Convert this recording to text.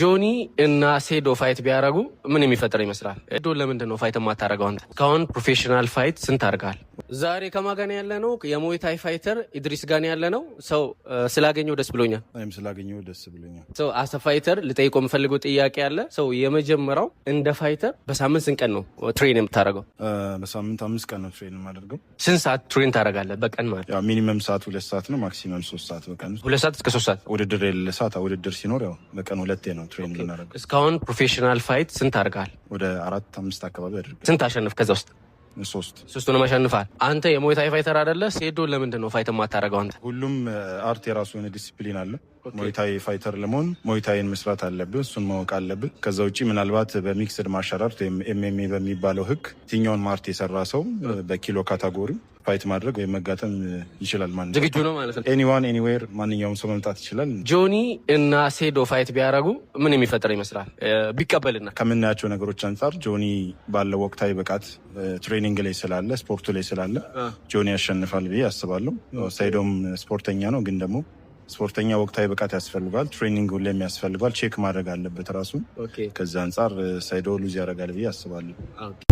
ጆኒ እና ሴዶ ፋይት ቢያደርጉ ምን የሚፈጠር ይመስላል? ዶ ለምንድን ነው ፋይት የማታደርገው? እስካሁን ፕሮፌሽናል ፋይት ስንት አድርገሃል? ዛሬ ከማጋን ያለ ነው። የሙይታይ ፋይተር ኢድሪስ ጋን ያለ ነው። ሰው ስላገኘው ደስ ብሎኛል። እኔም ስላገኘው ደስ ብሎኛል። ሰው አሰ ፋይተር ልጠይቆ የምፈልገው ጥያቄ አለ። ሰው የመጀመሪያው እንደ ፋይተር በሳምንት ስንት ቀን ነው ትሬን የምታደርገው? በሳምንት አምስት ቀን ነው ትሬን የማደርገው። ስንት ሰዓት ትሬን ታደርጋለህ በቀን ማለት? ያው ሚኒመም ሰዓት ሁለት ሰዓት ነው። ማክሲመም ሶስት ሰዓት በቀን ሁለት ሰዓት እስከ ሶስት ሰዓት ውድድር የሌለ ሰዓት ውድድር ሲኖር ያው በቀን ሁለቴ ነው ትሬን የምናደርገው። እስካሁን ፕሮፌሽናል ፋይት ስንት አድርገሃል? ወደ አራት አምስት አካባቢ አድርገሃል። ስንት አሸንፍ ከዛ ውስጥ ሶስት ሶስቱንም አሸንፋል። አንተ የሞይታይ ፋይተር አደለ? ሴዶ ለምንድን ነው ፋይት የማታደርገው አንተ? ሁሉም አርት የራሱ የሆነ ዲስፕሊን አለ። ሞይታይ ፋይተር ለመሆን ሞይታይን መስራት አለብህ፣ እሱን ማወቅ አለብህ። ከዛ ውጭ ምናልባት በሚክስድ ማሻራርት ወይም ኤምኤምኤ በሚባለው ህግ የትኛውን ማርት የሰራ ሰው በኪሎ ካታጎሪ ፋይት ማድረግ ወይም መጋጠም ይችላል ማለት ዝግጁ ነው ማለት ነው። ኤኒዋን ኤኒዌር ማንኛውም ሰው መምጣት ይችላል። ጆኒ እና ሴዶ ፋይት ቢያደርጉ ምን የሚፈጠር ይመስላል? ቢቀበልና ከምናያቸው ነገሮች አንጻር ጆኒ ባለው ወቅታዊ ብቃት ትሬኒንግ ላይ ስላለ ስፖርቱ ላይ ስላለ ጆኒ ያሸንፋል ብዬ አስባለሁ። ሴዶም ስፖርተኛ ነው፣ ግን ደግሞ ስፖርተኛ ወቅታዊ ብቃት ያስፈልጓል። ትሬኒንግ ሁሌም ያስፈልጓል። ቼክ ማድረግ አለበት ራሱ። ከዚ አንጻር ሳይዶ ሉዝ ያደርጋል ብዬ አስባለሁ።